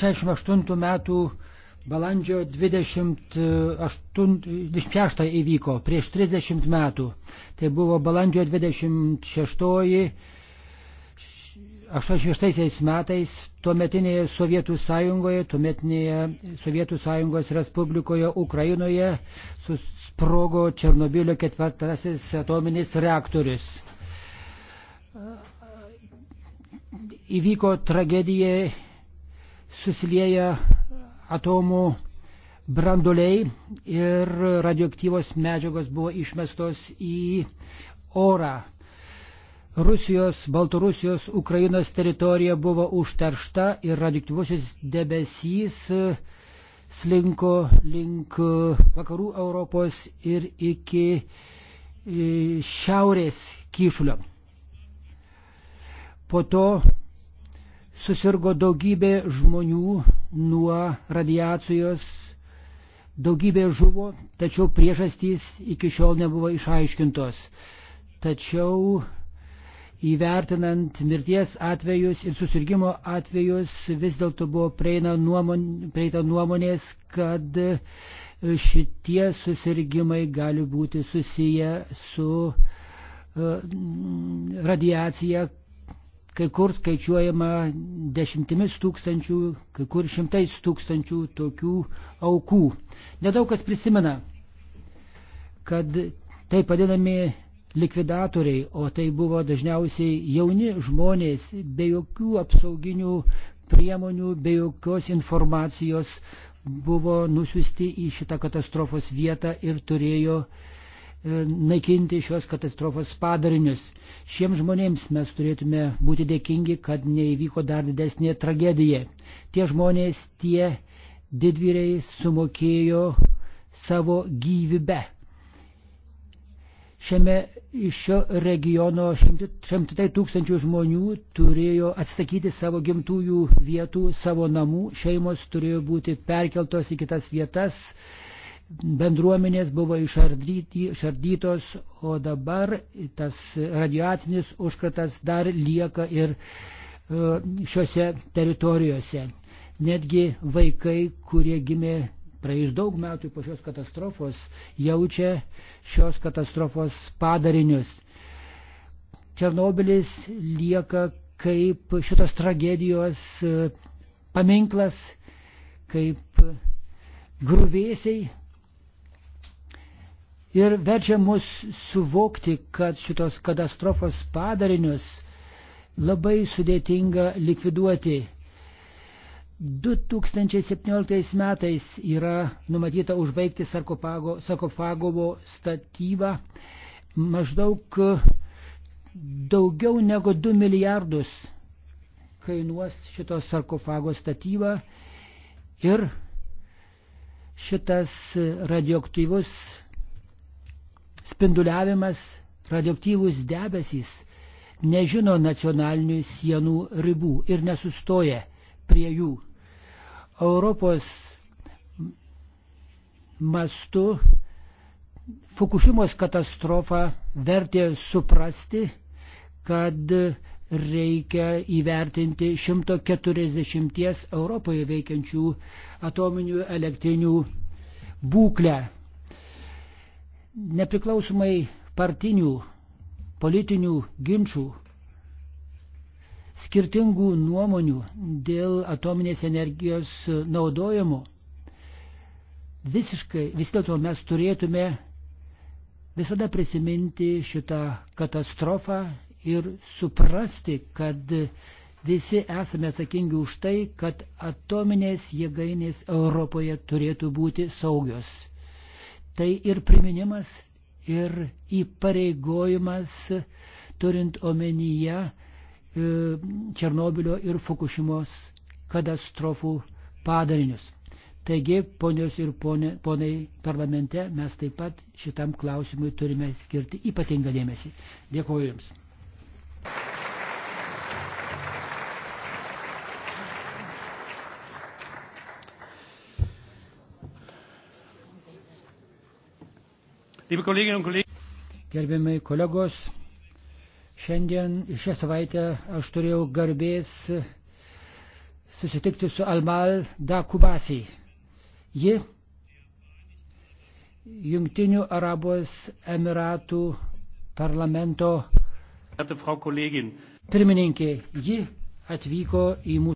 68 metų balandžio 28, 26 įvyko, prieš 30 metų. Tai buvo balandžio 26, 86 metais tuometinėje Sovietų sąjungoje, tuometinėje Sovietų sąjungos Respublikoje Ukrainoje susprogo Černobilio ketvirtasis atominis reaktorius įvyko tragedija susilieja atomų branduoliai ir radioaktyvos medžiagos buvo išmestos į orą. Rusijos, Baltarusijos, Ukrainos teritorija buvo užteršta ir radioaktyvusis debesys slinko link vakarų Europos ir iki e, šiaurės kyšulio. Po to susirgo daugybė žmonių nuo radiacijos, daugybė žuvo, tačiau priežastys iki šiol nebuvo išaiškintos. Tačiau įvertinant mirties atvejus ir susirgymo atvejus vis dėlto buvo prieita nuomon, nuomonės, kad šitie susirgymai gali būti susiję su uh, radiacija, Kai kur skaičiuojama dešimtimis tūkstančių, kai kur šimtais tūkstančių tokių aukų. Nedaug kas prisimena, kad taip vadinami likvidatoriai, o tai buvo dažniausiai jauni žmonės be jokių apsauginių priemonių, be jokios informacijos buvo nusiusti į šitą katastrofos vietą ir turėjo uh, E, naikinti šios katastrofos padarinius. Šiems žmonėms mes turėtume būti dėkingi, kad neįvyko dar didesnė tragedija. Tie žmonės, tie didvyriai sumokėjo savo gyvybę. Šiame iš šio regiono šimtai tūkstančių žmonių turėjo atsakyti savo gimtųjų vietų, savo namų, šeimos turėjo būti perkeltos į kitas vietas bendruomenės buvo išardytos, o dabar tas radiacinis užkratas dar lieka ir e, šiuose teritorijose. Netgi vaikai, kurie gimė praėjus daug metų po šios katastrofos, jaučia šios katastrofos padarinius. Černobilis lieka kaip šitos tragedijos e, paminklas, kaip grūvėsiai, ir verčia mus suvokti, kad šitos katastrofos padarinius labai sudėtinga likviduoti. 2017 metais yra numatyta užbaigti sarkofagovo statybą maždaug daugiau negu 2 milijardus kainuos šitos sarkofago statyba ir šitas radioaktyvus spinduliavimas, radioaktyvūs debesys nežino nacionalinių sienų ribų ir nesustoja prie jų. Europos mastu Fukushimos katastrofa vertė suprasti, kad reikia įvertinti 140 Europoje veikiančių atominių elektrinių būklę nepriklausomai partinių, politinių ginčių, skirtingų nuomonių dėl atominės energijos naudojimo, visiškai vis dėlto mes turėtume visada prisiminti šitą katastrofą ir suprasti, kad visi esame atsakingi už tai, kad atominės jėgainės Europoje turėtų būti saugios tai ir priminimas, ir įpareigojimas, turint omenyje e, Černobilio ir Fukushimos katastrofų padarinius. Taigi, ponios ir ponė, ponai parlamente, mes taip pat šitam klausimui turime skirti ypatingą dėmesį. Dėkuoju Jums. Gerbiami kolegos, šiandien šią savaitę aš turėjau garbės susitikti su Almal Dakubasi. Ji Jungtinių Arabos Emiratų parlamento pirmininkė. Ji atvyko į mūsų.